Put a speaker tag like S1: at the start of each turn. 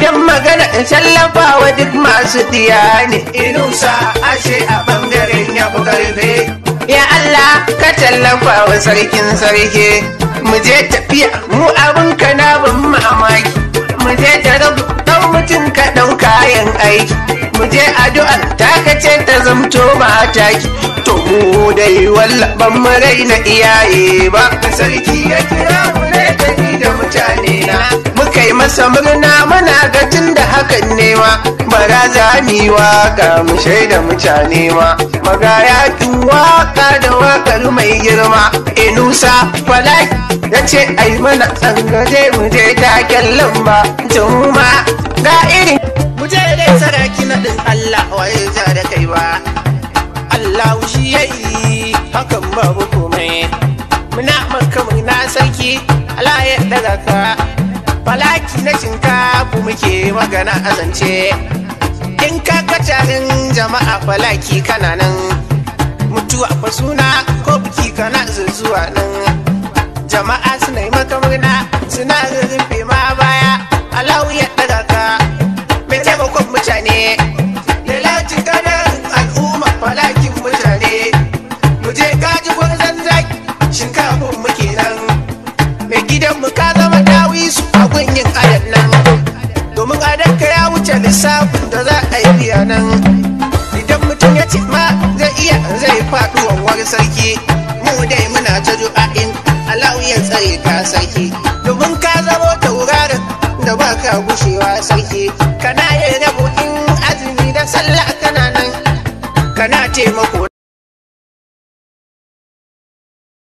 S1: idan magana in shallafa wa duk masu diya ne inusa ashe a bangaren ya karfe ya Allah ka tallafa wa sarkin sarki mu je tafiya mu abin ka na ban mamaki mu je ta rabu ɗan mutum ka ɗan kayan aiki mu je ta takace ta zamto mataki to mu dai ban mu raina iyaye ba sarki ya kira mu ne da mutane na muka yi masa murna hakan nema bara za mu waka mu shaida mutane ma magaya waka da wakar mai girma inusa falai ya ce ai mana tsangaje mu je taken lamba juma ga irin mu je dai saraki na din Allah waye za da kai ba Allah shi yayi hakan babu komai muna maka sarki Allah ya daga ka falaki na shinkafa muke magana a zance in ka jama'a falaki kana nan mutuwa fa suna ko biki kana zuzuwa nan jama'a suna yi maka murna suna rurrufe ma baya alawu ya daga ka mai taimakon mutane lalaci kanar al'umma falakin mutane mu je kaji gwarzon zaki shinkafin muke nan mai gidan mu ka zama dawisu a gunyin ayan nan nan idan mutum ya ce ma zai iya zai faɗuwan wani sarki mu dai muna ta du'a'in alawiyar tsare ka sarki domin ka zamo taurarin da ba ka gushewa sarki kana yin rabu in azumi da sallah kana nan kana taimako